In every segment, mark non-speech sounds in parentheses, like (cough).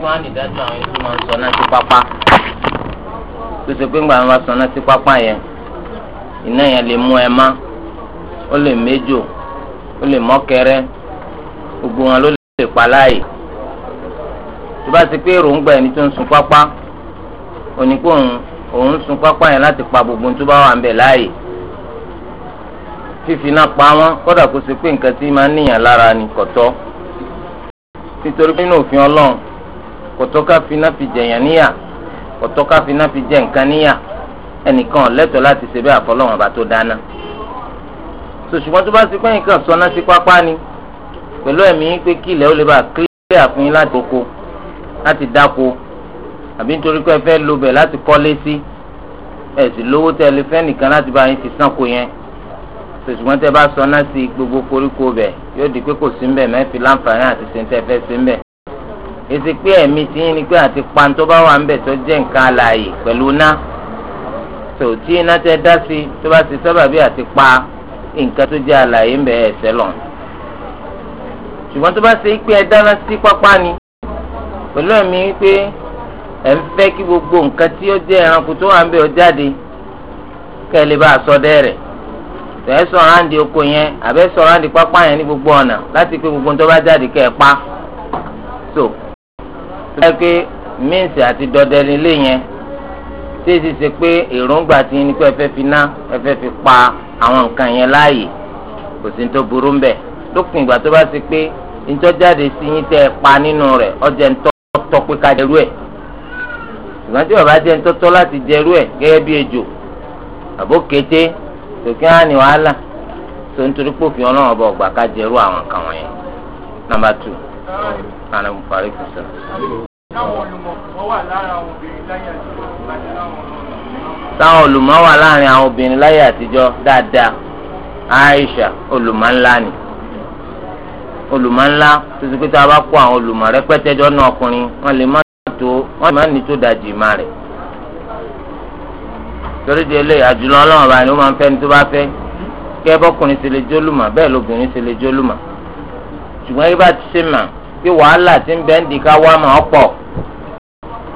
fún ànídájọ́ àwọn ètò máa ń sọ náà sí pápá pèsè pé ńgbà máa sọ náà sí pápá yẹn iná yẹn lè mú ẹ má ó lè méjò ó lè mọ́kẹrẹ́ gbogbo wọn ló lè pa láàyè tó bá ti pé èròǹgbà ẹni tó ń sun pápá oníkó òun ń sun pápá yẹn láti pa gbogbo tó bá wà ń bẹ̀ láàyè fífi iná pa wọn kódà kó ṣe pé nǹkan tí máa ń níyàn lára ni kọ̀tọ́ nítorí pé nínú òfin ọlọ́run kòtò ká finá fi jẹyàn níyà kòtò ká finá fi jẹ nǹkan níyà ẹnìkan lẹ́tọ̀ọ́ láti ṣe bẹ́ẹ̀ àfọlọ́wọn bá tó dáná sòṣùgbọ́n tó bá ti pẹ́ nǹkan sọná sí pápá ni pẹ̀lú ẹ̀mí pé kí ilẹ̀ ó lè bá kílẹ̀ àfún yín láti oko láti dáko àbí nítorí pé ẹ fẹ́ lo bẹ̀ láti kọ́lé sí ẹ̀ sì lówó tẹ́ lè fẹ́ nìkan láti bá yín ti sànko yẹn sòṣùgbọ́n tẹ́ bá sọná sí gbogbo koríko bẹ̀ yóò di pé kò sí mbẹ̀ mẹ́fì láǹfààní àti ṣe fẹ́ sí mbẹ̀ èsì pé ẹ̀mí ti yín ni pé àti pantó bá wà ń bẹ̀ tó jẹ́ nǹkan alààyè pẹ̀lú ná tó tí iná tẹ dá sí tó bá ti sábà bí àti pa nǹkan tó jẹ́ alààyè ń bẹ̀ ẹ̀sẹ̀ lọ. ṣùgbọ́n tó bá ṣe pé ẹ dáná sí pápá ni pẹ̀lú ẹ̀mí pé ẹ̀ ń fẹ́ kí gbogbo nǹkan tí ó jẹ́ ẹranko tó wà ń bẹ̀ ọ jáde kẹ́ ẹ lè bá a sọ dẹ́rẹ̀ tẹ̀ sọ̀rọ̀ àǹdí oko yẹn àbẹ́ sọ̀rọ̀ àǹdí pápá yẹn ní gbogbo ọ̀nà láti pé gbogbo ń tó bá jáde kẹ́ ẹ pa so tó pé mince àti dọdẹni lé yẹn tí èsì ṣe pé èròǹgbà ti ní fi ná ẹ fi pa àwọn nǹkan yẹn láàyè kò sí ní tó burú ń bẹ̀ lópin ìgbà tó bá ṣe pé ntọ́jáde sí yín tẹ́ ẹ pa nínú rẹ̀ ọjà pé ká jẹrú ẹ̀ ṣùgbọ́n tí bàbá jẹ́ láti jẹrú ẹ̀ gẹ́gẹ́ bí ejò àbó kété tòkí á ní wàhálà tó ń torí pòfin ọlọ́run ọba ọgbà táwọn olùmọ̀ wà lára àwọn obìnrin láyé àtijọ́ láti láwọn ọ̀rọ̀. táwọn olùmọ̀ wà láàrin àwọn obìnrin láyé àtijọ́ dáadáa Aisha olùmọ̀ ńlá ni olùmọ̀ ńlá tuntun pé tá a bá kó àwọn olùmọ̀ rẹpẹtẹ jọ náà ọkùnrin wọn lè má tó wọn lè má ní tó dajì má rẹ̀ torí di eléyìí àjùlọ ọlọ́run bá ní ó máa ń fẹ́ ní tó bá fẹ́ kẹ́ bọ́kùnrin ṣe lè jólùmọ̀ bẹ́ẹ̀ lóbìnrin ṣe lè jólùmọ̀ ṣùgbọ́n yìí bá ti ṣe mà pé wàhálà ti ń bẹ́ẹ̀ ń di ká wá mà ọ́ pọ̀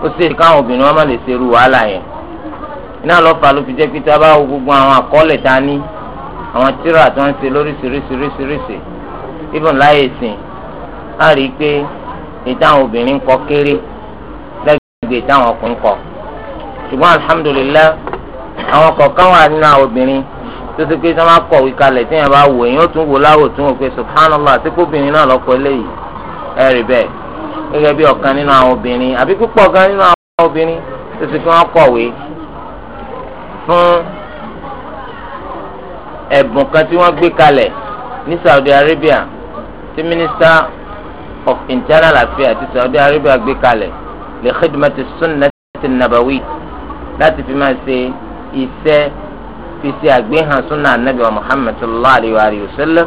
ó sì ní káwọn obìnrin wọn má lè ṣerú wàhálà yẹn iná lọ́fà ló fi jẹ́ pé tá a bá wo gbogbo àwọn àkọọ́lẹ̀ tá a ní àwọn tíra tó ń ṣe lóríṣiríṣiríṣiríṣi ibùn láyé sìn á rí i pé ìtàwọn obìnrin kọ kéré lẹ́gbẹ̀ẹ́ ìtàwọn ọkùnrin kọ ṣùgbọ́n alihamudulilayi àwọn kọ̀ọ̀kan wà nínú àwọn obìnrin tó ti pé tí wọ́n bá kọ̀wé kalẹ̀ tí wọ́n bá wò èyàn ó tún wò láwò tún wò pé subhanallah àti kóbìnrin náà lọ́kọ eléyìí ẹ̀rì bẹ́ẹ̀ gẹ́gẹ́ bí ọ̀kan nínú àwọn obìnrin àbí púpọ̀ kan nínú àwọn obìnrin tó ti fi wọ́n kọ̀wé fún ẹ̀bùn kan tí wọ́n gbé kalẹ̀ ní Saudi Arabia tí minister of internal affairs ti Saudi Arabia gbé kalẹ̀ lè khidmati sunnati nabawi láti fi máa ṣe iṣẹ́ fi ṣe àgbéhàn sunna anabi wa Muhammad sallallahu alayhi wa sallam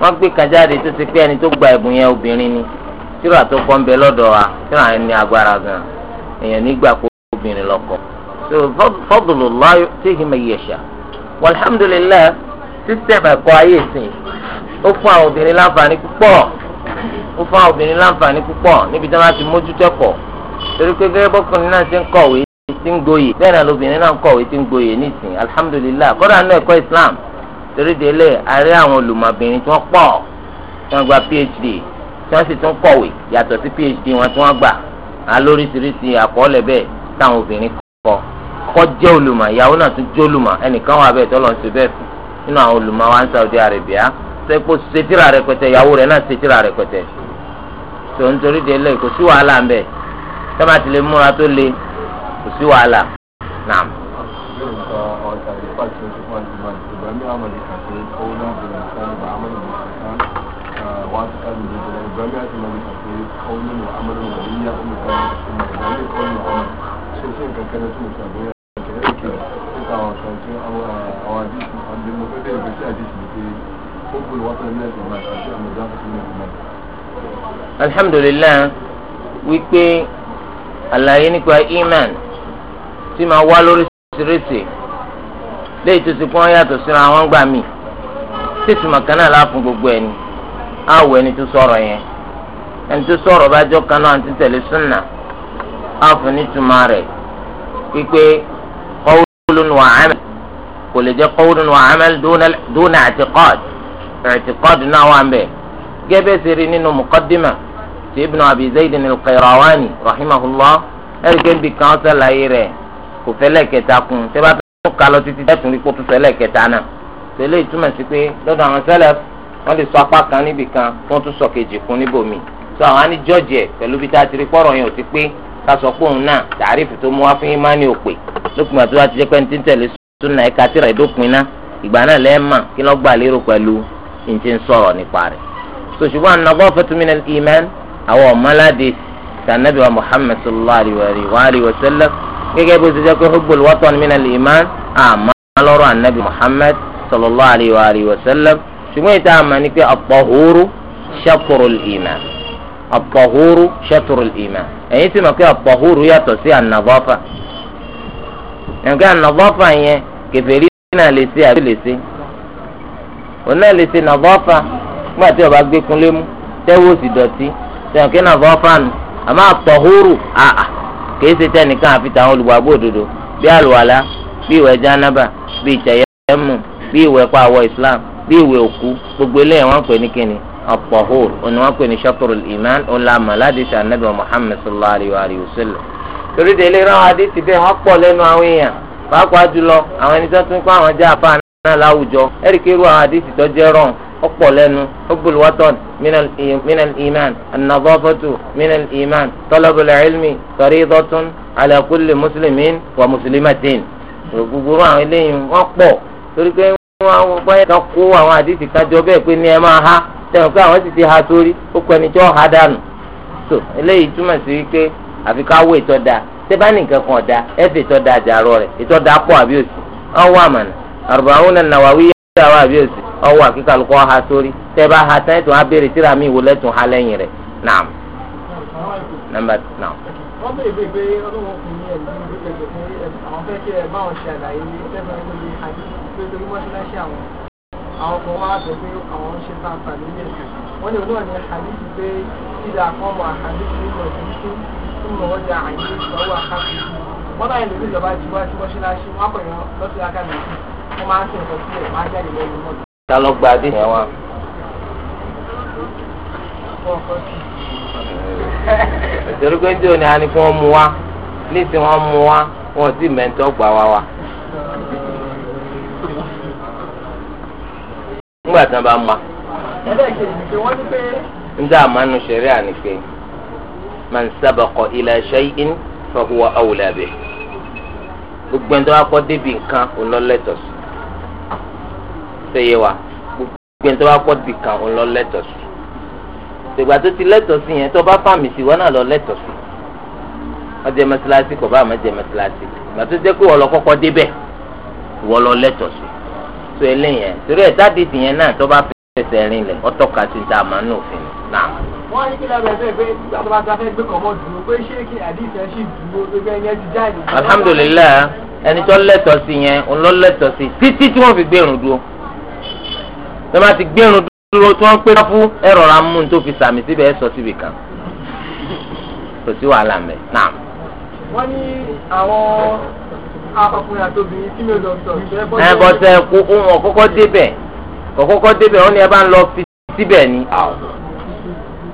wọ́n gbé kan jáde tó ti pé ẹni tó gba ẹ̀bùn yẹn obìnrin ni tíra tó kọ́ ń bẹ lọ́dọ̀ wa tíra yẹn ní agbára gan èèyàn nígbà kó obìnrin lọ́kọ. so fadlullah yu'tihi man yasha walhamdulillah sísẹ̀mù ẹ̀kọ́ ayé ìsìn ó fún àwọn obìnrin láǹfààní púpọ̀ ó fún àwọn obìnrin láǹfààní púpọ̀ níbi tí wọ́n ti mójútó ẹ̀kọ́ torí pé gẹ́gẹ́ bọ́kùnrin náà ṣe ń kọ̀wé tí ń gboyè bẹ́ẹ̀ náà lobìnrin náà ń kọ̀wé tí ń gboyè nísìn alhamdulillah kọ́dà náà ẹ̀kọ́ Islam torí délé àárẹ̀ àwọn olùmọ̀bìnrin tí wọ́n pọ̀ tí wọ́n gba PhD tí wọ́n sì tún kọ̀wé yàtọ̀ sí phd wọn tí wọ́n gbà á lóríṣiríṣi àkọọ́lẹ̀ bẹ́ẹ̀ táwọn obìnrin kọ kọ́ jẹ́ olùmọ̀ ìyàwó náà tún jẹ́ olùmọ̀ ẹnìkan wà bẹ́ẹ̀ tọ́lọ́ ń ṣe bẹ́ẹ̀ fún nínú àwọn olùmọ̀ wa ní Saudi Arabia ṣe kó ṣètìrà rẹpẹtẹ ìyàwó rẹ̀ náà ṣètìrà rẹpẹtẹ tó ń torí délé kò sí wàhálà ń bẹ̀ tọ́mátìlẹ̀ múra tó le kò sí wàhálà náà. kẹlẹ tó sọ bóyá ẹ̀kẹ́ òkè nípa àwọn ọ̀sán tí àwọn àdìsí àbí mo fẹ́ bẹ̀rẹ̀ pẹ̀sí àdìsí ni pé ó kú lọ́wọ́ tó nílẹ̀ tó máa ṣàṣì àmì ìdáàbò tó nílẹ̀ tó máa. alhamdulilayi wípé àlàyé nípa iman tí máa wá lóríṣiríṣi léyìí tó ti pọ́n yàtọ̀ síra wọn gbà mí títí màkánná láàfún gbogbo ẹni àwọ̀ ẹni tó sọ̀rọ̀ yẹn ẹni tó sọ̀rọ̀ bá jọ kaná àti tẹ̀lé súnà àfún nítumá rẹ̀ wípé qawlun wa amal kò lè jẹ́ qawlun wa amal dúnà i'tiqad i'tiqad náà wà ń bẹ̀ gẹ́gẹ́ sì rí nínú muqaddima ti ibn abi zayd al-qayrawani rahimahullah ẹ̀ríkẹ́ bí kan sàlàyé rẹ̀ kò fẹ́lẹ̀ kẹta kun tẹ́ bá fẹ́ kà lọ títí tẹ́ tún rí kó tún fẹ́lẹ̀ kẹta náà tẹ́lẹ̀ ìtumọ̀ sí pé lọ́dọ̀ àwọn sẹ́lẹ̀ wọ́n lè sọ apá kan níbì kan tún sọ kejì kún níbòmí so àwọn á ní jọ́ọ̀jì ẹ̀ pẹ̀lú bí tá a ti rí pọ́rọ̀ yẹn ò ti pé kásọ pé òun náà tàrífù tó mú wá fún imáni òpè lópin àti wá ti jẹ́ pé ní títẹ̀lé súnà ẹ̀ka tí rẹ̀ dópin ná ìgbà náà lẹ́ẹ̀mà kí lọ́ gbà lérò pẹ̀lú ní ti ń sọ̀rọ̀ nípa rẹ̀. so ṣùgbọ́n anagọ́ fẹ́túmínà ìmán àwọn ọ̀mọ́ládé sànàbí wa muhammed sallallahu alayhi wa sallam gẹ́gẹ́ bó ti jẹ́ pé hubbul watan min al àmọ́ lọ́rọ̀ anabi muhammed sallallahu alayhi wa sallam ṣùgbọ́n ìta ẹ̀yin sì mọ̀ pé àpọ̀húrú yàtọ̀ sí ànàvọ́fà ẹ̀ǹkẹ́ ànàvọ́fà yẹn kẹfẹ́rí náà lè ṣe àbí lè ṣe òun náà lè ṣe nàvọ́fà nígbà tí ọba gbé kunlé mú tẹ́wọ́ sì dọ̀tí ẹ̀ǹkẹ́ nàvọ́fà nù àmọ́ àpọ̀húrú àà kìí ṣe tẹnìkan àfi tàwọn olùgbàgbọ́ òdodo bí àlùwàlá bí ìwẹ̀ jánábà bí ìtẹ̀yẹ́mù bí ìwẹ̀ pàwọ̀ ìsìlám bí ìwẹ̀ òkú gbogbo eléyìí ń pè ní kíni at-tahur òní wọn pè ní shatrul iman ọ̀la màládìsí anabi muhammed sallallahu alayhi wa sallam. torí délé ráwọn adétì bẹ́ẹ̀ wọ́n pọ̀ lẹ́nu àwọn èèyàn pàápàá jùlọ àwọn ẹni tó tún kọ́ àwọn jẹ́ àfa náà láwùjọ ẹ̀ríkẹ́rù àwọn adétì tó jẹ́ rọ̀n ọ̀pọ̀ lẹ́nu hubbul watan minal iman an-nadafatu minal iman talabul ilmi faridatun ala kulli muslimin wa wọn wọ báyìí kan kó àwọn àdìsí kájọ bẹ́ẹ̀ pé ní ẹ máa ha tẹ̀wọ̀n pé àwọn sì ti ha sórí ó kọ ẹni tí ha dànù tó eléyìí túmọ̀ sí wípé àfi ká wọ ìtọ́ da nǹkan kan da ìtọ́ da rẹ̀ ìtọ́ da pọ̀ àbí òsì náà àbí ha sórí ha tán ha lẹ́yìn rẹ̀ naam. pé torí mọ́ṣáláṣí àwọn àwọn kan wá sọ pé àwọn ń ṣe sáǹtà lórí ẹ̀sìn wọ́n lè náà ní àdìsí pé ìdá kan wà àdìsí nínú ìdíṣẹ́ nínú ọjà àyè ìṣòwò àkàkùn wọ́n báyìí lórí ìjọba ti wá sí mọ́ṣáláṣí wọ́n á pè yàn lọ́sọ̀rọ̀ àkàmì wọ́n máa ń sìn ọ̀sọ̀ sílẹ̀ máa jáde lẹ́nu mọ́tò. ta ló gba adé yẹn wá. ìtòrí pé ń jò ní a ní kí wọ́n mú wa ní ti wọ́n mú wa wọ́n sì mẹ́ńtọ́ gbà wá wa. nígbà tí wọ́n bá ma. ń dá àmánu ṣẹ̀rí àní pé man sabaqa ila shay'in fa huwa awla bihi gbogbo ẹni tó bá kọ́ débi nǹkan ọlọ́lẹ́tọ̀ sí ṣeye wa gbogbo ẹni tó bá kọ́ débi nǹkan ọlọ́lẹ́tọ̀ sí ṣègbà tó ti lẹ́tọ̀ sí yẹn tó bá fàmì sí wọn náà lọ lẹ́tọ̀ sí ọjọ́ mẹ́sàlásì kò bá àmọ́ jẹ́ mẹ́sàlásì gbà jẹ́ pé wọ́n lọ kọ́kọ́ débẹ̀ wọ́n lọ lẹ́tọ̀ sí sọ eléyẹn torí ẹ̀ jáde tìyẹn náà tó bá fẹsẹ̀ rin lẹ̀ ọtọ́ ka ti dá àmọ́ nù òfin náà. wọ́n ní kí lọ́wọ́ ẹgbẹ́ pé nígbà tó bá ta fẹ́ gbé kọ́mọ́ dùn pé ṣé kí àdìsí ẹ ṣì dúró gbogbo ẹyẹ ti jáde. alhamdulilayi ẹni tó lẹ́tọ̀ọ́ sí yẹn òun ló lẹ́tọ̀ọ́ sí títí tí wọ́n fi gbẹ̀rùn dúró tó bá ti gbẹ̀rùn dúró tí wọ́n pé fún ẹ̀rọ ra tó fi sàmì síbẹ̀ ẹ̀ sọ síbi kan kò sí wàhálà mẹ́ wọ́n ní àwọn ẹ bọ́ sẹ kó wọn kọ́kọ́ débẹ̀ kọ́kọ́ débẹ̀ wọn ni ẹ bá ń lọ fi síbẹ̀ ni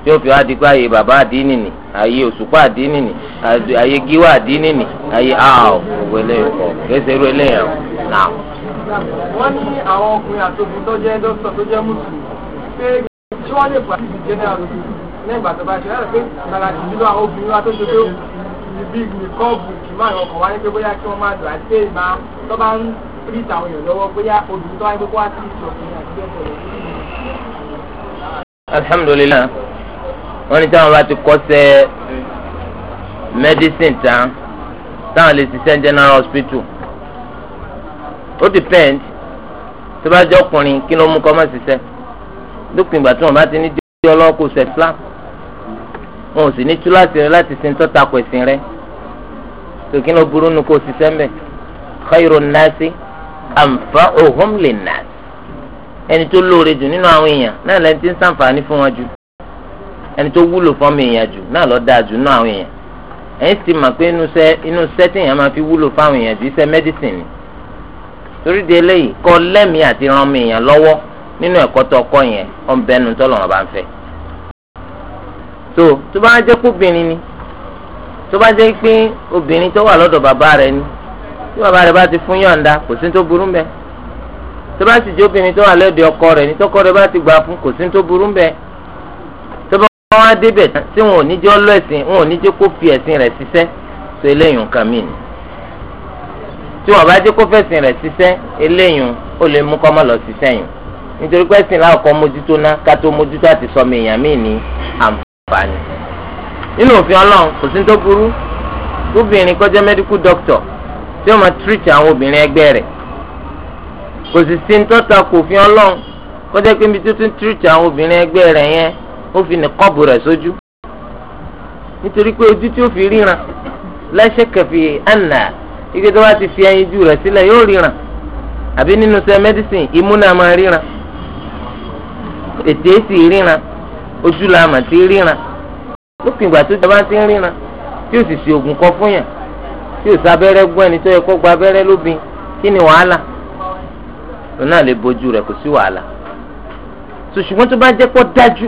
tí o fi wá di pé àyè bàbá àdínì ni àyè òṣùpá àdínì ni àyè gíwá àdínì ni àyè àwọ̀ gbogbo eléyìí kọ kéṣe irú eléyìí ọ̀ nà. wọ́n ní àwọn ọkùnrin àti obìnrin tó jẹ́ dókítà tó jẹ́ mùsùlùmí pé kí wọ́n lè pàṣẹ ìdíjẹ́ náà lóṣù nígbà tó bá ṣe láti pé kàlàkì nínú àwọn obìnrin wa tó ṣe pé ní bíi nìkọ́ọ̀bù kì máa yọ ọkọ̀ wáyé pé bóyá kí wọ́n máa lò àti pé ìmọ̀ tó bá ń rí tàwọn èèyàn lọ́wọ́ bóyá obìnrin tó wáyé pé wá sí ìṣọ̀kùnrin àti bẹ́ẹ̀ bẹ̀rẹ̀. alhamdulilayi wọn ní táwọn bá ti kọ́sẹ̀ medicine tán táwọn lè ṣiṣẹ́ general hospital ó depend tó bá jẹ́ ọkùnrin kí ló mú kọ́ máa ṣiṣẹ́ lópin ìgbà tí wọ́n bá ti ní jẹ́ ọlọ́kùnrin ṣẹ̀ wọn ò sì ní túláàsì rẹ láti sin tọ́ta kò ẹ̀sìn rẹ tòkí ló burú nu kó o ṣiṣẹ́ mbẹ́ khairu nasi anfa'uhum linnas ẹni tó lóore jù nínú àwọn èèyàn náà lẹni tí ń ṣàǹfààní fún wọn jù ẹni tó wúlò fún ọmọ èèyàn jù náà lọ dáa jù nínú àwọn èèyàn ẹ̀yin sì mà pé inú sẹ́ inú sẹ́tì yẹn máa fi wúlò fún àwọn èèyàn jù iṣẹ́ mẹ́dísìn ni torí de eléyìí kọ́ lẹ́mìí àti ran ọmọ èèyàn lọ́wọ́ nínú ẹ̀kọ́ tó ọkọ yẹn ọ̀nbẹ́nu tọ́lọ́wọ́n bá ń fẹ́ so tó bá jẹ́ kóbìnrin ni tó bá jẹ́ pé obìnrin tó wà lọ́dọ̀ bàbá rẹ̀ ni tí bàbá rẹ̀ bá ti fún yọ̀ǹda kò sí tó burú mbẹ̀ tó bá sì jẹ́ obìnrin tó wà lọ́dọ̀ ọkọ rẹ̀ ni tọkọ rẹ̀ bá ti gbà fún kò sí tó burú mbẹ̀ tó bá wọn á débẹ̀ tí wọn ò ní jẹ́ ọlọ́ ẹ̀sìn wọn ò ní jẹ́ kó fi ẹ̀sìn rẹ̀ ṣiṣẹ́ so eléyìí nǹkan mí ni tí wọn bá jẹ́ kó fẹ̀sìn rẹ̀ ṣiṣẹ́ eléyìí ó lè mú kọ́mọ́ lọ ṣiṣẹ́ yìí nítorí pé ẹ̀sìn mójútó ná ká mójútó àti sọmọ èèyàn àǹf fani nínú òfin ọlọ́run kò sí tó burú obìnrin kọjá tí ó máa treat àwọn obìnrin ẹgbẹ́ rẹ̀ kò sì sí tọ́ta kò fi ọlọ́run kọjá pé ibi tó tún treat àwọn obìnrin yẹn ó fi nìkọ́bù rẹ̀ sójú nítorí pé ojú tí fi ríran ike tó bá ti fi ẹyin yóò ríran àbí nínú sẹ mẹdísìn imú náà ojula la ti ríran lópin ìgbà tó jọba ti ń ríran tí ó sì fi oògùn kọ fún yàn tí ó sábẹ́rẹ́ gún ẹni tó yẹ kó gba abẹ́rẹ́ lóbin kí ni wàhálà naa náà lè bójú rẹ̀ kò sí wàhálà so sugbon tó bá jẹ́ pọ́ dájú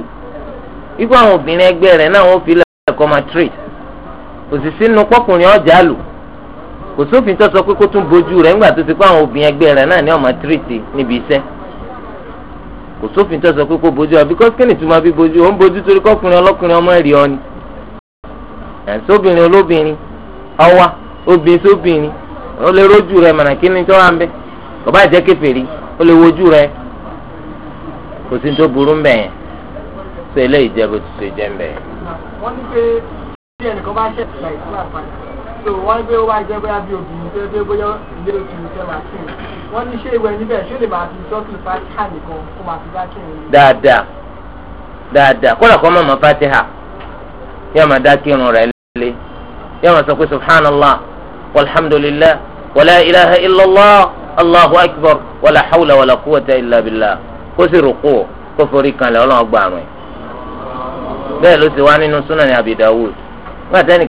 ikú àwọn obìnrin ẹgbẹ́ rẹ̀ náà wọ́n fi lẹ́ẹ̀kọ́ máa trade kò sì sínú pọ́kùnrin ọjà lò kò sófin tó sọ pé kó tún bójú rẹ̀ ńgbà tó ti kó àwọn obìnrin ẹgbẹ́ kò sófin tó sọ pé kó bójú ọ because kí ni tí mo fi bójú ọ ń bójú torí kọkùnrin ọlọ́kùnrin ọmọ ẹ̀rí ọ ni sóbìnrin olóbìnrin ọwa obìnrin sóbìnrin ó lè rójú rẹ mọ̀nà kí ni tó wà ń bẹ kò bá jẹ́ kèfèrí ó lè wojú rẹ kò sí tó burú mbẹ yẹn ṣe eléyìí jẹ bó ti ṣe jẹ mbẹ yẹn. wọ́n ní pé bí ẹnìkan bá ṣẹ̀ ṣe ìṣúná àpáyé so wọ́n gbé ó wá jẹ́ bóyá bí obìnrin tó gbé bóyá ilé òkìrì tẹ́ máa kí ni wọ́n ní ṣé ìwẹ̀ níbẹ̀ ṣé lè máa fi sọ́ọ̀tì fatiha nìkan kó máa fi bá kí ni. dáadáa dáadáa kó má mọ fatiha yóò máa dá kírun rẹ̀ lé yóò máa sọ pé subhanallah walhamdulillah wàlá ilaha illallah allahu akbar wàlá hawla wàlá quwwata illa kó sì rúkú kó forí kanlẹ̀ ọlọ́run gbàrún bẹ́ẹ̀ ló ti wá nínú súnà ní Abi Dawud nígbà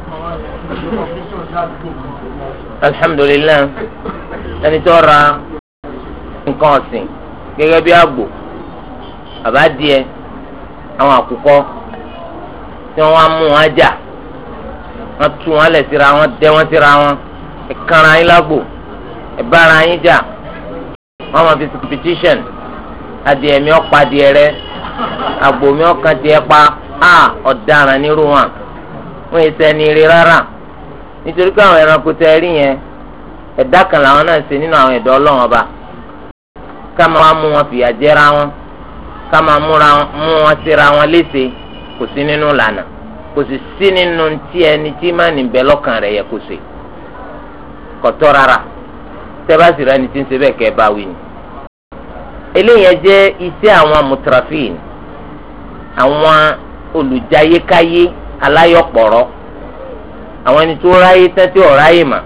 alhamdulilayi ẹni tó ra nǹkan ọ̀sìn gẹ́gẹ́ bí àgbò àbádìẹ àwọn àkùkọ tí wọ́n wá mú wọn jà wọ́n tú wọn lẹ̀ síra wọn dẹ́ wọn síra wọn ẹ̀kanra yín lágbo ẹ̀bára yín jà wọ́n máa fi competition adìẹ mi ọ̀pá adìẹ rẹ àgbò mi ọ̀kan tiẹ̀ pa ọ̀daràn nírú wọn. wọn ise ẹni rárá nítorí pé àwọn ẹranko tẹ rí yẹn ẹ̀dá kan làwọn náà ṣe nínú àwọn ẹ̀dọ́ ọlọ́run ọba ká máa mú wọn fìyà jẹra wọn ká máa mú wọn síra wọn léṣe kò sí nínú lànà kò sì sí nínú tí ẹni tí ni ti ń ṣe bẹ́ẹ̀ kẹ́ bá wí ni. eléyẹn aláyọ̀pọ̀rọ̀ àwọn ẹni tó ráyè tẹ́tí ọ̀ráyè mà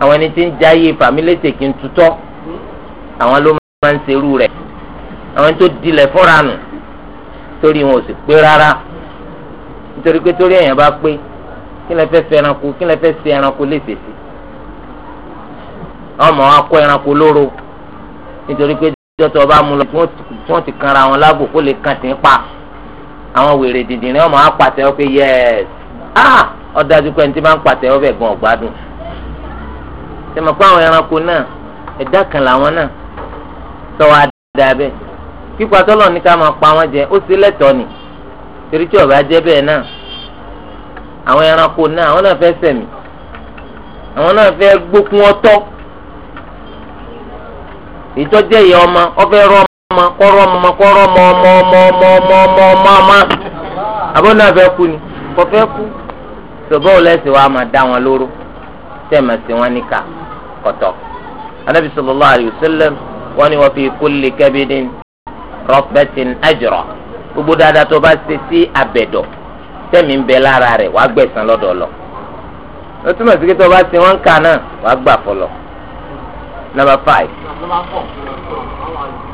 àwọn ẹni tí ń jáyé fàmílétè kí n tutọ́ àwọn ló máa ń serú rẹ̀ àwọn tó dilẹ̀ fọ́ra nù torí wọn ò sì pé rárá nítorí pé torí èèyàn bá pé kí lè fẹ́ fẹ́ ẹranko kí lè fẹ́ ṣe ẹranko léṣe sí ọmọ wa ẹranko lóró nítorí pé jọ́tọ̀ ọba mu lọ tí wọ́n ti kanra wọn lábò kó lè kàn tí ń pa àwọn wèrè dìndìnrín ọmọ á pàtẹ́wọ́ pé yẹ́s ah ọ̀dájú pé ẹni tí máa ń pàtẹ́wọ́ bẹ̀ gan ọ̀gbádùn tẹmọ pé àwọn ẹranko náà ẹ̀dá kan làwọn náà tọwọ́ àdáadáa bẹ́ẹ̀ pípa tọ́lọ̀ ní ká máa pa wọ́n jẹ ó sì lẹ́tọ̀ọ́ ni torí tí ọ̀bá jẹ́ bẹ́ẹ̀ náà àwọn ẹranko náà àwọn náà fẹ́ sẹ̀mí àwọn náà fẹ́ gbókun ọtọ́ ìtọ́jẹ́ ìyá ọmọ ọfẹ́ rọ ma kọ́rọ́ ọmọ kọ́rọ́ ọmọ ọmọ ọmọ ọmọ ọmọ ọmọ ọmọ ọmọ àbọ̀nà fẹ́ kú ni kò kú ṣùgbọ́n wa máa dá wọn lóró wọn níkà kọ̀tọ̀ anabi wọn ni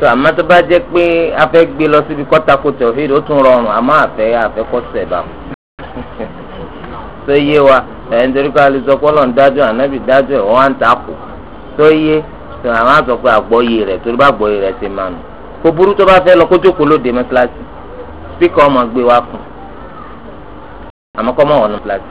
tó àmọ́ tó bá jẹ́ pé a fẹ́ gbé lọ síbi kọ́tàkó tẹ̀wéèdì ó tún rọrùn àmọ́ àfẹ́ àfẹ́kọ́ sẹ̀bà tó yé wa ẹ̀ ń torí ká lè sọ pọ́lọ̀ ń dájọ́ ànábì dájọ́ ẹ̀ wọ́n á ń ta kù tó yé tó àwọn àsọ pé àgbọ́yé rẹ̀ torí bá àgbọ́yé rẹ̀ ti máa nù kò burú tó bá fẹ́ lọ kó jókòó lóde mẹ́tíláṣí spíkà ọmọ gbé wa kù àmọ́ kọ́ mọ́ wọnú mẹ́tíláṣí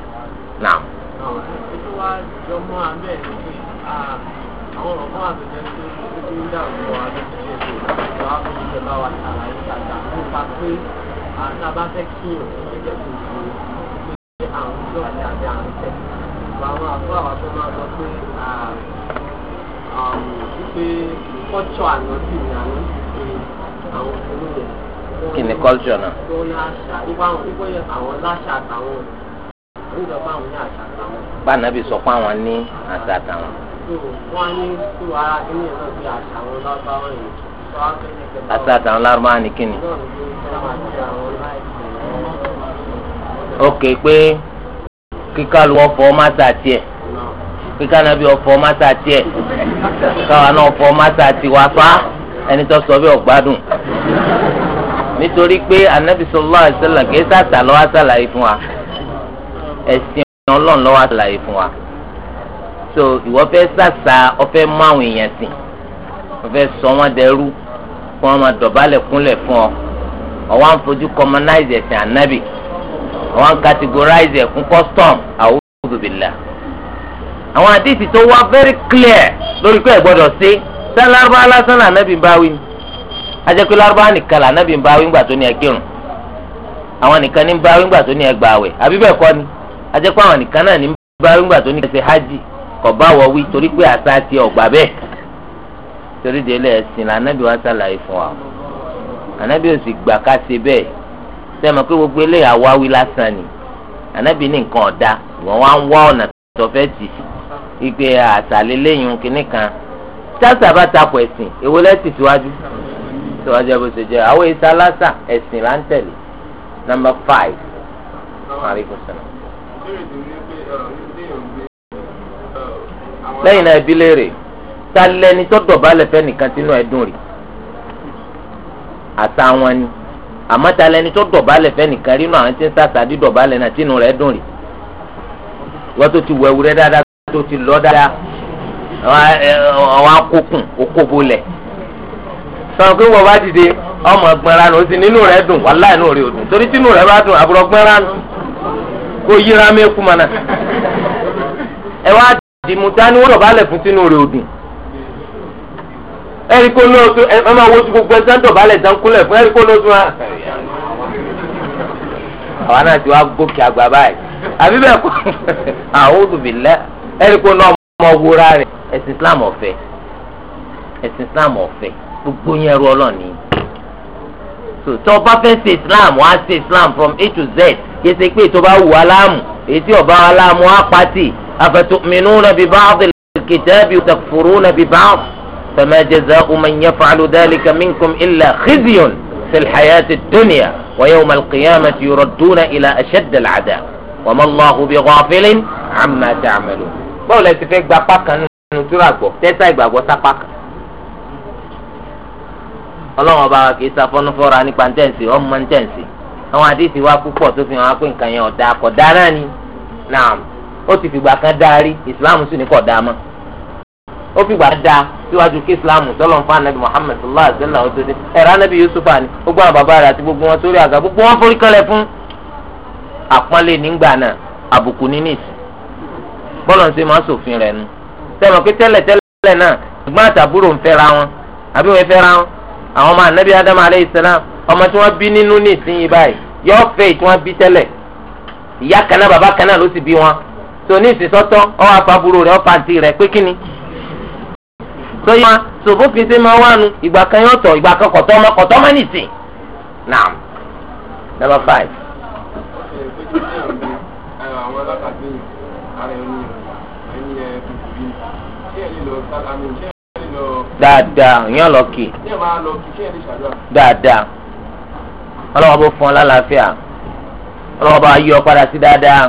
àwọn ọ̀rọ̀ fún àtẹ̀jẹ́ tó ti fi ń dàrú àtẹ̀jẹ́ tó ìjọ àfẹ́jẹ́ bá wa ṣàlàyé dáadáa nípa pé àtàbá fẹ́ kí òun gẹ́gẹ́ tó ṣe pé àwọn ìjọ àti àti àǹtẹ̀ àwọn àfọ àwọn tó máa sọ pé wípé kọ́tsọ̀ àná sì ní àná ṣe àwọn olóyè. kí ni kọ́ltsọ̀ náà. tó láṣà nípa àwọn nípa àwọn láṣà àtàwọn nígbà báwọn ní àṣà àtàwọn. bá nàbì sọ pé àwọn ní àṣà àtàwọn àti àtàwọn lárúbáwá ni kíni. ok pé kíkálù ọ̀fọ̀ mátà tiẹ̀ kíkánábí ọ̀fọ̀ mátà tiẹ̀ káwa náà ọ̀fọ̀ mátà tiwa pa ẹni tó sọ bí ọ̀gbádùn nítorí pé anabi sallallahu alaihi wasallam kìí sàtà lọ́wọ́ àtàlàyé fún wa ẹ̀sìn ọlọ́run lọ́wọ́ àtàlàyé fún wa so ìwọ fẹ́ sàṣà ọfẹ́ mú àwọn èèyàn sìn ọfẹ́ sọ wọn dẹrú kí wọn máa dọ̀bálẹ̀ kúnlẹ̀ fún ọ ọwọ́ à ń fojú commonize ẹ̀sìn ànábì ọwọ́ à ń categorize ẹ̀kún custom a'udhu billah àwọn àdìsí tó wá very clear lórí pé ẹ gbọ́dọ̀ sí sẹ́ lárúbá lásán là ànábì ń bá wí ni ajẹ́pẹ́ lárúbá nìkan là ànábì ń bá wí ńgbà tó ní ẹ kírun àwọn nìkan ní ń bá wí ńgbà tó ní ẹ gbààwẹ̀ àbí bẹ́ẹ̀ kọ́ ni ajẹ́pẹ́ àwọn nìkan náà ní ń bá wí ńgbà tó ní ẹ ṣe hájì kò bá wọ wí torí pé àṣà ti ọgbà bẹ́ẹ̀ torí délé ẹ̀sìn là ànábì wa ṣàlàyé fún wa ànábì ò sì gbà ká ṣe bẹ́ẹ̀ sẹ́mi pé gbogbo eléyà wá wí lásán ni ànábì ní nǹkan ọ̀dà wọ́n wá ń wá ọ̀nà tó fẹ́ tì ìgbé àṣàlẹ̀ lẹ́yìn kínní kan táṣà bá takọ̀ ẹ̀sìn èwo lẹ́sìn síwájú síwájú ẹ̀bùn ṣe jẹ́ àwọn ìṣá lásà ẹ̀sìn là ń tẹ̀lé number five. lẹ́yìn náà ẹbí léèrè ta lẹni tó dọ̀bálẹ̀ fẹ́ nìkan tínú ẹ̀dùn rí àṣà ni àmọ́ ta lẹni tó dọ̀bálẹ̀ fẹ́ nìkan rínú àwọn tí ń sàṣà ti wẹ̀wù rẹ̀ dáadáa tó ti lọ dáadáa àwọn akókùn okóbolẹ̀ sọ̀rọ̀ pé wọ́n bá dìde ọmọ gbẹ̀ránù ó sì nínú rẹ̀ dùn wàláì nínú rẹ̀ ò dùn torí tínú rẹ̀ bá dùn àbúrò dìmùtá ni wọ́n dọ̀bálẹ̀ fún sínú rẹ̀ òdùn ẹ̀rí kó lóòótọ́ ẹ máa wojú gbogbo ẹ̀ sán dọ̀bálẹ̀ sán kúlẹ̀ fún ẹ̀rí kó lóòótọ́ wa. àwa náà ti wá gòkè àgbà báyìí àbí bẹ́ẹ̀ kọ́ àwọn olùbílẹ̀ ẹ̀rí kó náà mọ wúra rẹ̀ ẹ̀sìn Islam ọ̀fẹ́ ẹ̀sìn Islam ọ̀fẹ́ gbogbo yẹn rú ọlọ́ọ̀ni so tó o bá fẹ́ ṣe Islam wá ṣe Islam from A to Z kí ẹ ṣe pé tó bá wù aláàmù èyí tí ọba aláàmù á pàtì أفتؤمنون ببعض الكتاب وتكفرون ببعض فما جزاء من يفعل ذلك منكم إلا خزي في الحياة الدنيا ويوم القيامة يردون إلى أشد العذاب وما الله بغافل عما تعملون بولا تفيك باباكا نتراكو تتاي بابا تاباكا الله باباكي سافون فوراني بانتنسي ومانتنسي هو حديثي واقو فوتو في عاقو إن كان يودا نعم ó ti fìgbà kan dáa rí ìsìláàmù sì ní kò dáa mọ́ ó fìgbà kan dáa síwájú kí ìsìláàmù tọ́lọ̀ ń fa anabi muhammed sallallahu alayhi wa sallam ó tó dé ẹ̀rọ anabi yusufa ni ó gbọ́ àwọn bàbá rẹ̀ àti gbogbo wọn sórí àga gbogbo wọn forí kalẹ̀ fún àpọ́nlé nígbà náà àbùkù níní ìsìn bọ́lọ̀ ń ṣe máa sòfin rẹ̀ nu sẹ́wọ̀n pé tẹ́lẹ̀ tẹ́lẹ̀ náà ṣùgbọ́n àtàbúrò ń fẹ́ra wọn àbí wọ́n fẹ́ra wọn àwọn ọmọ anabi adamu alayhi salam ọmọ tí wọ́n bí nínú ní ìsinyìí báyìí yọ fẹ́ tí wọ́n bí tẹ́lẹ̀ ìyá kan bàbá kan ló sì bí wọn tòní ìsìsọ́tọ́ ọwọ́ àfàbúrò rẹ̀ ọ̀pàǹtì rẹ̀ pé kíni. tó ma wọn sòbófin ṣe máa wánu ìgbà kan yóò tọ̀ ìgbà kan kọ̀tọ́ ọmọ kọ̀tọ́ ọmọ nìsín. naam number five. dáadáa ìyẹn lọ kì. dáadáa ọlọ́wọ́ bó fún ọ lálàáfíà ọlọ́wọ́ bá yí ọ padà sí dáadáa.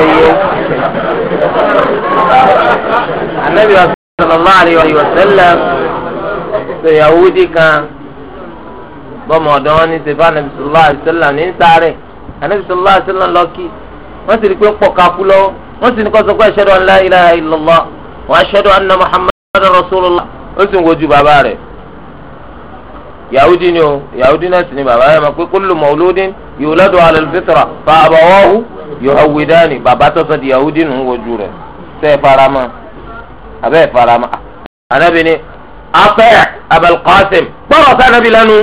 ẹyẹ anabi sallallahu alayhi wa sallam sọ yahudi kan bọ́mọ ọ̀dọ́ wọn ní sèpá anabi sallallahu alayhi wa sallam ní sáré anabi sallallahu alayhi wa sallam lọ́kì wọ́n sì rí pé ń pọ̀ kakú lọ́wọ́ wọ́n sì ní sọ pé ashhadu an la ilaha illallah wa ashhadu anna muhammadan rasulullah ó sì ń wojú bàbá rẹ̀ yahudi ni o yahudi náà sì ni bàbá yẹn ma pé kullu mawludin yuladu ala al-fitra fa abawahu yuhawwidani bàbá tọ́sọ di yahudi nù ń wojú rẹ̀ sẹ́ farama abẹ́ farama anabi ni afẹ́ abal qasim gbọ́dọ̀ sá anabi lẹ́nu.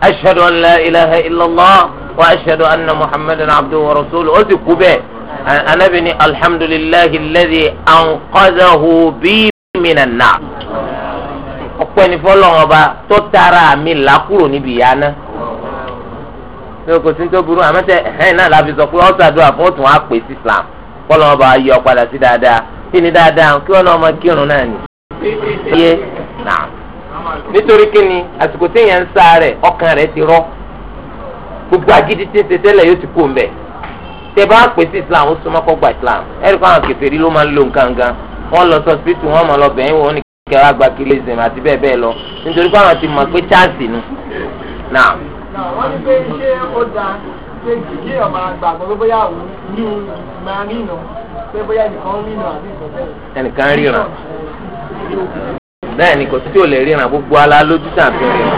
ashhadu an la ilaha illallah wa ashhadu anna muhammadan abduhu wa rasuluhu ó sì kú bẹ́ẹ̀ anabi ni alhamdulillahi alladhi anqadhahu bi minan nar. ọpẹ́ ní ọba tó tara mi kúrò níbi ìyá náà ní kò sí tó burú àmọ́ ẹ̀hẹ́n náà láfi sọ pé fún òtún á pè sí Islam ọba yọ padà sí dáadáa kí ni dáadáa kí wọ́n náà ọmọ kírun náà iye na nítorí kí ni àsìkò tí ń sá gbogbo tí ń ṣe tẹ́lẹ̀ yóò ti tẹ bá pè sí Islam ó súnmọ́ kọ́ gba Islam ẹ̀rí kọ́ àwọn kẹwàá gba kiri ẹsẹ̀ àti bẹ́ẹ̀ bẹ́ẹ̀ lọ nítorí pé àwọn ti mọ̀ pé chance nu. wọ́n ní pé ṣé ó da pé kí èèyàn máa gbàgbọ́ pé bóyá òun ní máa rìnà pé bóyá ẹnìkan rìnà àbí ìfọ̀tẹ́. ẹnìkan ríran bẹ́ẹ̀ ni kò sí tí ò lè ríran gbogbo ala lójú tàbí ríran.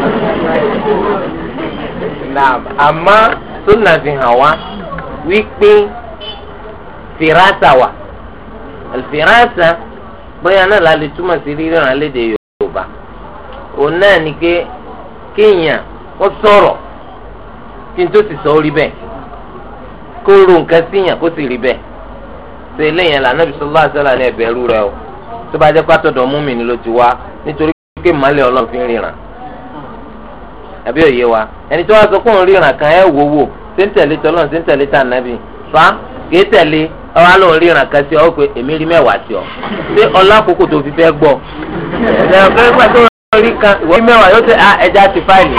àmọ́ tó nà fi hàn wá wípé fìrásà wà fìrásà bóyá náà la lè túmọ̀ sí ríran léde yorùbá òun náà ni pé kéèyàn ó sọ̀rọ̀ kí n tó sì sọ orí bẹ́ẹ̀ kó ro nǹkan síyàn kó sì rí bẹ́ẹ̀ ṣe eléyàn là nàbì sọlá àṣàlà ní ẹ̀bẹ̀rù rẹ o tó bá jẹ́ pátọ́dọ̀ mú mi ni ló ti wá nítorí pé màálẹ̀ ọlọ́run fi ń ríran àbí òye wa ẹni tó wá sọ pé òun ríran kan ẹ̀ wò wò ṣé ń tẹ̀lé tọ́lọ́run ṣé ń tẹ̀lé tà nàbì fa kì í tẹ̀lé ọwọ́ àlọ́ orí ìrìn àkàtì ọ̀ pé èmi rí mẹ́wàá tí ọ ṣé ọlá àkókò tó fi fẹ́ gbọ́ kan yóò ah, ẹja ti fáìlì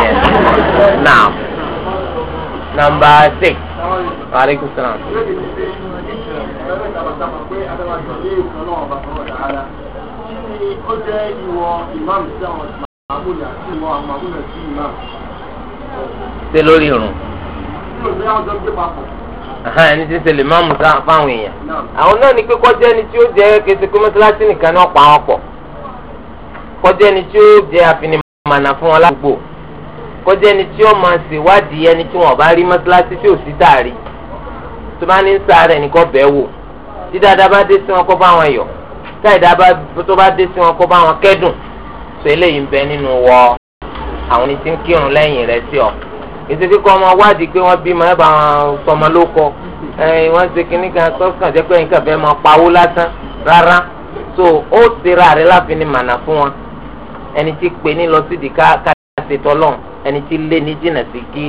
ẹni tí ń ṣe lè má mú fáwọn èèyàn àwọn náà ni pé kọjá ẹni tí ó jẹ kése kó mọ́sálásí nìkan náà pa wọn pọ̀ kọjá ẹni tí ó jẹ àfinimọ̀nà fún wọn ládùúgbò kọjá ẹni tí ó máa ṣèwádìí ẹni tí wọn bá rí mọ́sálásí tí ò sí tààrí tó bá ní sáré ẹnìkan bẹ́ẹ̀ wò tí dáadáa bá dé sí wọn kó bá wọn yọ̀ táìdá tó bá dé sí wọn kó bá wọn kẹ́dùn tó eléyìí ń bẹ nínú wọ àwọn tí ń kírun lẹ́yìn rẹ̀ sí ọ ìṣèṣe kọ́ ọmọ wádìí pé wọ́n bímọ ẹ̀ bá wọn sọmọ ló kọ ẹ̀yìn wọ́n ṣe kínní kan sọ́kàn jẹ́ pé ẹ̀yìn kan fẹ́ máa pawó lásán rárá so ó tẹ̀ra rẹ̀ láfin ni mànà fún wọn ẹni tí pè ní lọ sídìí ká ká ṣe tọ́lọ̀ ẹni tí lé ní jìnnà sí kí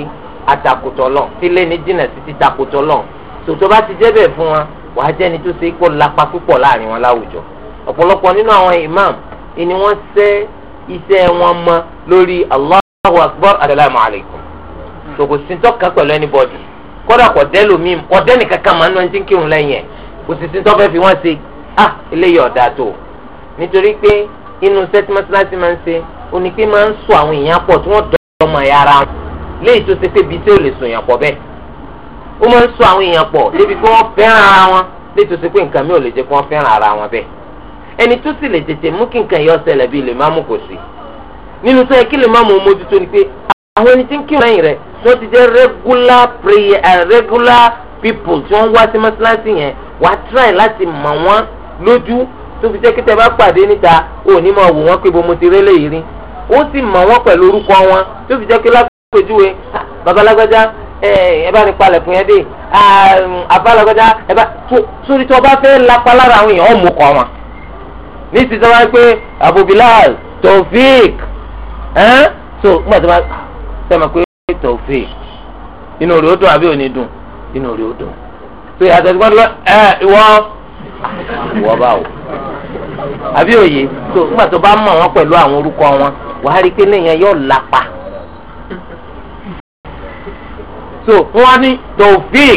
atakùtọ̀ lọ tí lé ní jìnnà sí ti takùtọ̀ lọ tòtò bá ti jẹ́ bẹ́ẹ̀ fún wọn wàá jẹ́ ẹni tó ṣe kó lapa púpọ̀ láàrin wọn láwùjọ ọ̀pọ̀lọpọ̀ nínú àwọn imam ni wọ́n ṣẹ́ iṣẹ́ wọn mọ lórí Allahu akbar assalamu alaikum kò sí tọ́ka pẹ̀lú anybody kódà kò dẹ́lòmíì kò dẹ́nìkankan máa ń lọ ní kírun lẹ́yìn ẹ̀ kò sì sí tọ́fẹ́ fi wọ́n ṣe ah eléyìí ọ̀dà tó nítorí pé inú sẹ́tí mọ́sálásí máa ń ṣe òní pé máa ń sọ àwọn èèyàn pọ̀ tí wọ́n dọ̀ ọmọ ẹ̀yà ara wọn léyìí tó ṣe pé bíi tí ò lè sùn yàn pọ̀ bẹ́ẹ̀ ó máa ń sọ àwọn èèyàn pọ̀ débi pé wọ́n fẹ́ràn ara wọn léyìí tó ṣe pé nǹkan mi ò lè jẹ́ kí wọ́n fẹ́ràn ara wọn bẹ́ẹ̀ ẹni tó sì lè tètè mú kí nǹkan yọ ṣẹlẹ̀ bíi lè má mú kò sí nínú sọ kí lè má mú mójútó ni pé àwọn ẹni tí ń kírun lẹ́yìn rẹ̀ wọ́n ti jẹ́ regular prayer eh, regular people tí wọ́n wá sí mọ́ṣáláṣí yẹn wàá try láti mọ̀ wọ́n lójú tó fi jẹ́ kí tẹ bá pàdé níta ò ní máa wò wọ́n pé bo mo ti rélé yìí rí ó sì mọ̀ wọ́n pẹ̀lú orúkọ wọn tó fi jẹ́ kí lápèjúwe ah, babalágbájá eh, ẹ bá ní palẹ̀kùn yẹn dé abalagbájá ah, um, ẹ bá sórí tí wọ́n bá fẹ́ lapa lára àwọn èèyàn ọ̀mù kọ̀ wọn. ní ti sọ wáyé pé abubilal Taofik ẹ́ so gbọ́dọ̀ máa sẹ́mi pé tọ̀fẹ́ inú rẹ̀ ó dùn àbí òní dùn inú rẹ̀ ó dùn pé àtẹ̀sí wọn ẹ ìwọ ìwọ bá wò àbí òye tó nígbà tó bá mọ̀ wọ́n pẹ̀lú àwọn orúkọ wọn wàá rí i pé lẹ́yìn yóò lápa so wọ́n ní tọ̀fẹ́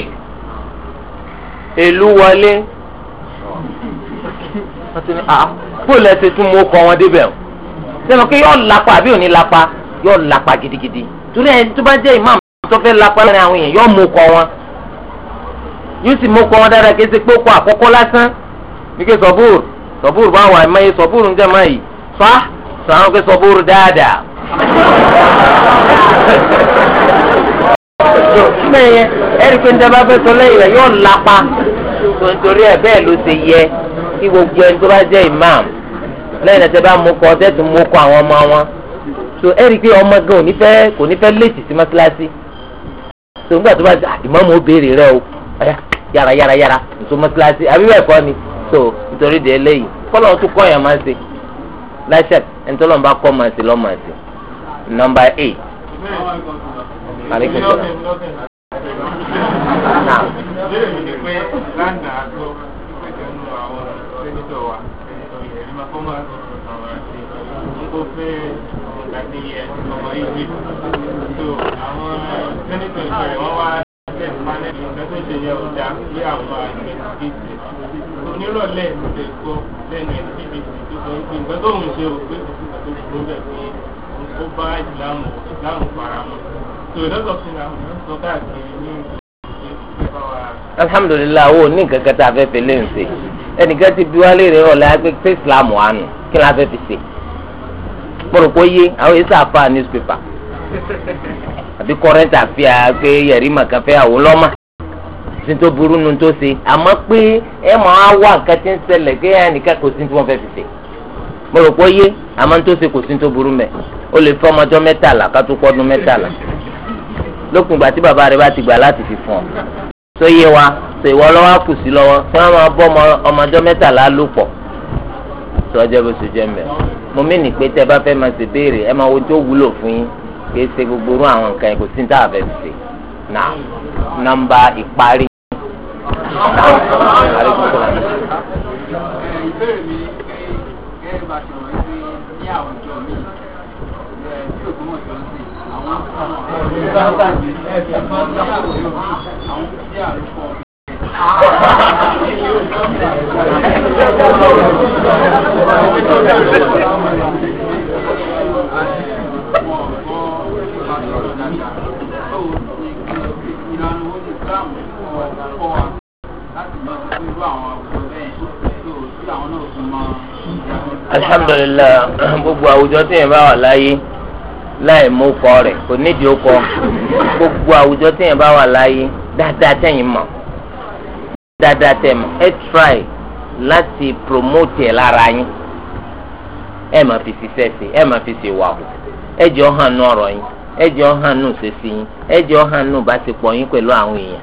èlú wọlé wọ́n ti ní ah bóòlù ẹsẹ̀ tún mú ọkọ̀ wọn débẹ̀ o sẹ́nu pé yóò lápa àbí òní lápa yóò lápa gidigidi. torí ẹni tó bá jẹ́ imam tó fẹ́ lapa láàrin àwọn èèyàn yóò mú kọ wọn yóò sì mú kọ wọn dáadáa kí ẹ ṣe pé kọ àkọ́kọ́ lásán ní sọ́búrù sọ́búrù bá wà ẹ̀ mẹ́yẹ sọ́búrù ń fa sọ àwọn kí sọ́búrù dáadáa. fẹ́ sọ lẹ́yìn rẹ̀ yóò lapa nítorí ẹ̀ bẹ́ẹ̀ ló ṣe yẹ kí gbogbo ẹni tó bá jẹ́ imam lẹ́yìn bá mú so ẹ̀rí pé ọmọ gan ò ní fẹ́ kò ní fẹ́ léètì sí mọ́sálásí so nígbà tó bá ti ah, ìmáàmù ó béèrè rẹ o ọ̀yà yára yára yára nso mọ́sálásí àbí bẹ́ẹ̀ kọ́ ni so nítorí de eléyìí kọ́lọ̀ tó kọ́ yẹn máa ṣe láṣẹ ẹni tó lọ́nba kọ́ máa ṣe lọ́ọ́ máa ṣe nọmba eight. Thank you àti ọmọ egypt so àwọn sẹ́nitọ̀ ìṣòro wọn wá ṣẹ́ẹ̀tì panel ìṣẹ́ tó ṣe yẹ ọ̀dà bí àwọn àgbẹ̀sìkìtì alhamdulilayi awo ní nǹkan kan tá a fẹ́ fẹ́ bí wálé rẹ̀ rọ̀ láyé islam wà nù kí ni a fẹ́ gbọ́dọ̀ kó yé àwọn èsì àfa newspaper àbí current affair pé yẹ̀rí màkàfẹ́ àwọn lọ́mà tí tó burú nu tó ṣe àmọ́ pé ẹ mọ̀ á wá nǹkan tí ń ṣẹlẹ̀ pé ẹ nìkan kò sí tí wọ́n fẹ́ fi ṣe gbọ́dọ̀ kó yé àmọ́ tó ṣe kò sí tó burú mẹ́ o lè fẹ́ ọmọjọ́ mẹ́tàlá ká tó pọ́dún mẹ́tàlá lópin ìgbà tí bàbá rẹ bá ti gbà láti fi fún ọ tó yé wa tó ìwọ lọ́wọ́ kù sí lọ́wọ́ tí wọ́n mẹ́tàlá lò pọ̀ sọjọ́ bó ṣe jẹ́ mẹ́ mo mí nì pé tẹ́ bá fẹ́ máa ṣe béèrè ẹ máa wo tó wúlò fún yín kì í ṣe gbogbo orú àwọn nǹkan yẹn kò sí ní táwọn ṣe nà nọ́mbà ìparí alhamdulilayi gbogbo àwùjọ tí yẹn bá wà láyé láì mú kọ rẹ̀ kò nídìí ó kọ gbogbo àwùjọ tí yẹn bá wà láyé dáadáa tẹ̀yìn mọ̀. dáadáa tẹ̀ e mọ́ ẹ try láti promote ẹ̀ lára yín e ẹ máa fi si sí ẹ e fi si wà o ẹ jọ hàn nù yín ẹ nù yín ẹ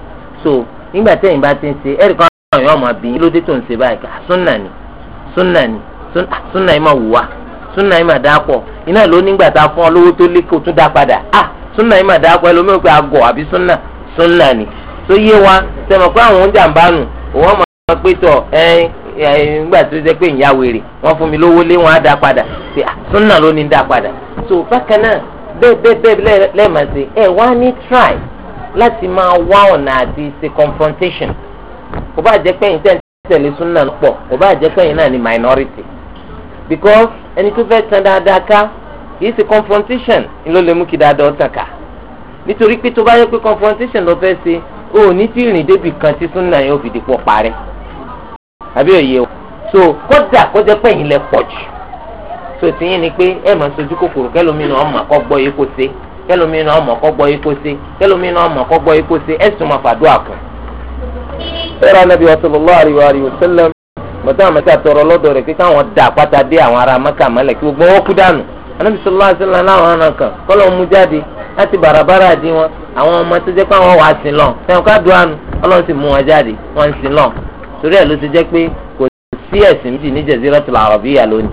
so nígbà tẹ́yìn bá ti ń ṣe ẹ̀rí kan àwọn èèyàn ọmọ bí lóde tó ń ṣe báyìí ká ah, súnà ni súnà ni súnà ah, yìí máa wù wá súnà ah súnà yìí dáa pé àbí súnà súnà tó yé wa sẹ́mọ̀ pé àwọn oúnjẹ àǹbánu òun ọmọ àwọn pé tọ̀ ẹ́yìn nígbà tó jẹ́ pé ìyá wèrè wọ́n fún mi lówó lé wọn á dá padà ṣe súnà ló ní dá padà tó bákan náà bẹ́ẹ̀ bẹ́ẹ̀ bẹ́ẹ̀ lẹ́ẹ̀mọ̀ sí ẹ wá ní try láti máa wá ọ̀nà àti ṣe confrontation kò bá jẹ́ pé ẹ̀yin tẹ́ ń tẹ̀lé súnà pọ̀ kò bá jẹ́ pé ẹ̀yin náà ni minority because ẹni tó fẹ́ tan dáadáa ká kìí ṣe confrontation ló lè mú kí dáadáa tàn ká nítorí pé tó bá yẹ pé confrontation ló fẹ́ ṣe o ò ní tí ìrìn débi kan tí súnà yẹn ò àbí òye o so kódà kọjá pẹ̀yìn lẹ pọ̀ jù so tinye ni pé ẹ máa sojú kòkòrò kẹlòmínú ọmọ kọ́ gbọ́ yìí kó ṣe kẹlòmínú ọmọ kọ́ gbọ́ yìí kó ṣe kẹlòmínú ọmọ kọ́ gbọ́ yìí kó ẹ̀rọ anabi tọrọ lọ́dọ̀ rẹ̀ kíkọ́ àwọn dà pátá dé àwọn ará mọ́lẹ̀ kí kú anabi sallallahu alaihi wasallam láwọn ọ̀nà kan kọ́lọ̀ mú jáde láti bàràbàrà dín wọn àwọn ọmọ tó jẹ́ pé àwọn wàá sin lọ fẹ́ràn ká dùn àánú ọlọ́run sì mú wọn jáde wọ́n ń sin lọ torí ẹ̀ ló ti jẹ́ pé kò sí ẹ̀sìn méjì ní jaziratul arabiyya lónìí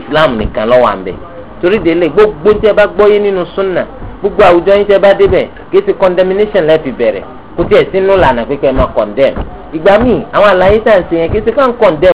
islam nìkan ló wà ń bẹ torí délé gbogbo tẹ́ bá gbọ́yé nínú sunna gbogbo àwùjọ yín tẹ́ bá débẹ̀ kì í ti condemnation lẹ́ fi bẹ̀rẹ̀ kò tiẹ̀ sínú lànà pé condemn ìgbà míì àwọn àlàyé tá à ń ṣe condemn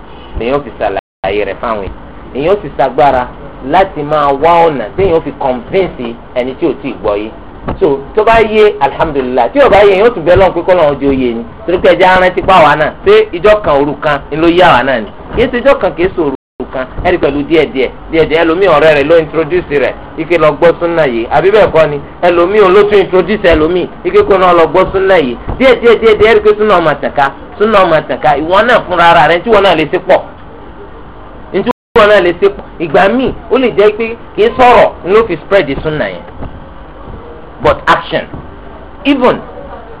lèyìn fi ṣàlàyé rẹ̀ fáwọn èèyàn èèyàn sì ṣàgbára láti máa wá ọ̀nà téèyàn fi kọ̀ǹfẹ́ǹsì ẹni tí ò tí ì gbọ́ yé so tó bá yé alihamudulilayi tí ò bá yé èèyàn tún bẹ lọ́n pé kọ́lọ́n ọjọ́ yé ni torí pé ẹja arántí pa wàhánà pé ìjọ kan òru kan ni ló yá wàhánà ni kì í ṣe ìjọ kan kì í ṣòro kan ẹ̀rí pẹ̀lú díẹ̀ díẹ̀ díẹ̀ díẹ̀ ẹlòmíì ọ̀rẹ́ rẹ̀ ló introduce ike lọ gbọ súnà yìí àbí bẹ́ẹ̀ kọ́ ni ẹlòmíì introduce ẹlòmíì ike kó náà lọ gbọ súnà yìí díẹ̀ díẹ̀ díẹ̀ díẹ̀ ẹ̀rí pé súnà ọmọ àtàkà súnà ọmọ àtàkà ìwọ náà fúnra ara rẹ̀ ntíwọ náà lè ṣe pọ̀ ntíwọ náà lè ṣe pọ̀ ìgbà míì ó fi spread súnà yẹn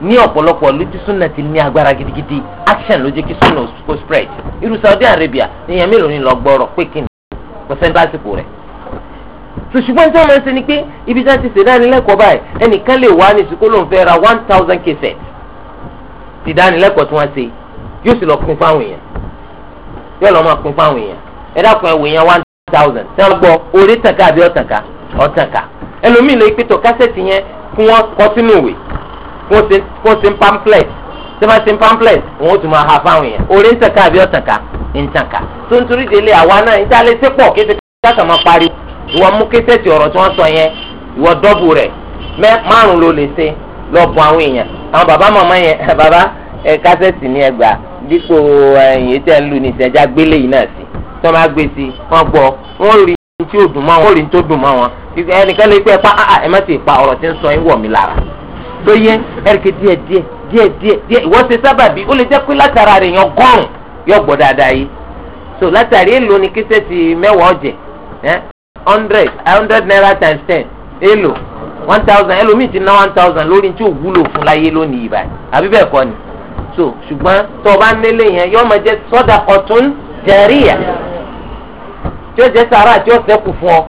ní ọ̀pọ̀lọpọ̀ lójú súnà ti ní agbára gidigidi action ló jẹ́ kí súnà kó spread irú Saudi Arabia èèyàn mélòó ni lọ gbọ́rọ̀ pé kí ni kò sẹ́ńtà àsìkò rẹ̀. ṣùṣùgbọ́n tí wọ́n máa ń ṣe ni pé ibi tí wọ́n ti ṣe dánilẹ́kọ̀ọ́ báyìí ẹnìkan lè wá ní ìsìnkú lóun fẹ́ ra one thousand cases ti dánilẹ́kọ̀ọ́ tí wọ́n ṣe yóò sì lọ pin fáwọn èèyàn yóò lọ máa pin fáwọn èèyàn ẹ dákun ẹ wò one thousand tí wọ́n gbọ́ orí tànká àbí ọ̀tànká ọ̀tànká ẹlòmíì lè pé tó kásẹ̀tì yẹn fún kó sin pamphlet tí wọ́n sin pamphlet wọ́n ó tún máa ha fáwọn èèyàn orí ń tẹ̀ka àbí ọ̀tànká ń tànká tó ń torí délé àwa náà ń dálé sí pọ̀ kété káàkà máa parí ìwọ mú kété ti ọ̀rọ̀ tí wọ́n sọ yẹn ìwọ dọ́bù rẹ̀ márùn ló lè ṣe lọ bọ àwọn èèyàn àwọn bàbá màmá yẹn (laughs) bàbá ẹ kásẹ̀tì ní ẹgbà dípò ẹ̀yìn tẹ̀ ń lu ní ìtẹ̀já gbélé yìí náà sí tí wọ́n bá gbé sí wọ́n gbọ́ wọ́n rí tí ò dùn mọ́ wọn wọ́n rí tó dùn mọ́ wọn ẹnìkan lè pẹ́ pa ẹ má ti pa ọ̀rọ̀ tí ń sọ yín wọ̀ mí lára tó yẹ ẹ̀ríkẹ́ díẹ̀ díẹ̀ díẹ̀ díẹ̀ díẹ̀ ìwọ ṣe sábàbí ó lè jẹ́ pé látara rẹ̀ yan gọ́rùn yọ gbọ́ dáadáa yìí so látàrí èlò ni kí sẹ́ẹ̀tì mẹ́wàá ọ̀jẹ̀ hundred hundred naira times ten èlò one thousand ẹlòmíì ti ná one thousand lórí tí ò wúlò fún láyé lónìí ìbá àbí bẹ́ẹ̀ kọ́ ni so ṣùgbọ́n tó o bá nílé yẹn yọ máa jẹ́ sọ́dà ọ̀tún jẹ̀ríyà tí ó jẹ́ sàrà tí ó sẹ́kù fún ọ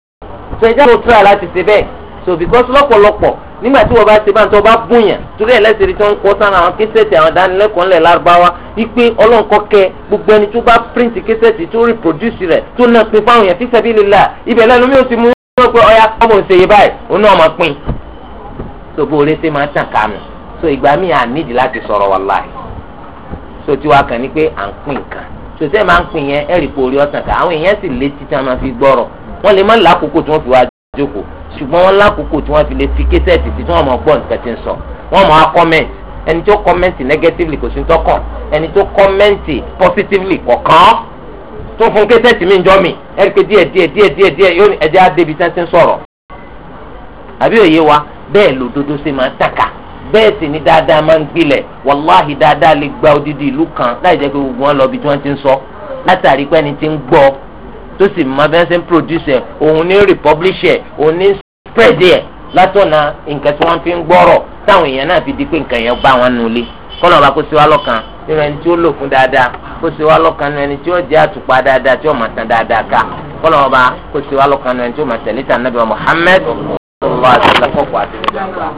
so ẹ jẹ́ kó tura láti ṣe bẹ́ẹ̀ so because lọ́pọ̀lọpọ̀ nígbà tí wọ́n bá ṣe bá ń tọ́ bá bùnyàn torí ẹlẹ́sìn rí tí wọ́n ń kọ́ sára àwọn késẹ̀tì àwọn ìdánilẹ́kọ̀ọ́ ńlẹ̀ lárúbáwá wípé ọlọ́nkọ́ kẹ gbogbo ẹni tó bá print késẹ̀tì tó reproduce rẹ̀ tó náà pin fáwọn èèyàn fífẹ́ bí lílà ibẹ̀ lẹ́nu mi ò ti mú wọn pé ọya ọmọ òṣè báyìí òun náà máa pin. so bó o lè ṣe máa tàn kánú so ìgbà míì à nídìí láti sọ̀rọ̀ wàláì so tiwa kan ni pé à ń pin kan so tẹ́ máa ń pin yẹn ẹ̀rì kò rí ọ̀tàn ká àwọn èèyàn sì létí tí wọ́n jókòó ṣùgbọ́n wọn lákòókò tí wọ́n fi lè fi késẹ́ẹ̀tì tí wọ́n mọ̀ gbọ́ nǹkan tí ń sọ wọ́n mọ̀ á kọ́mẹ̀ntì ẹni tó kọ́mẹ̀ntì negatively kò sí ń tọ́kàn ẹni tó kọ́mẹ̀ntì positively kọ̀ọ̀kan tó fún késẹ́ẹ̀tì mi ń jọ mi ẹ rí i pé díẹ̀ díẹ̀ díẹ̀ díẹ̀ díẹ̀ yóò ní ẹjẹ́ á débi tí wọ́n ti ń sọ̀rọ̀ àbí òye wa bẹ́ẹ̀ lòdodo ṣe máa tàkà bẹ́ẹ̀ sì ni dáadáa máa ń gbilẹ̀ wàláhì dáadáa lè gba odidi ìlú kan láì jẹ́ pé gbogbo wọn lọ bí tí wọ́n ti ń sọ látàrí pé ẹni tí ń gbọ́ tó sì mọ bí wọ́n ṣe ń produce ẹ̀ òun ní republish ẹ̀ òun ní spread ẹ̀ látọ̀nà nǹkan tí wọ́n fi ń gbọ́rọ̀ táwọn èèyàn náà fi di pé nǹkan yẹn bá wọn nulẹ̀ kọ́nà ọba kó sí wa lọ́kàn nínú ẹni tí ó lò fún dáadáa kó sí wa lọ́kàn nínú ẹni tí ó jẹ́ àtùpà dáadáa tí ó máa tàn dáadáa ká kọ́nà ọba kó sí wa lọ́kàn nínú ẹni tí ó máa tẹ̀lé Muhammad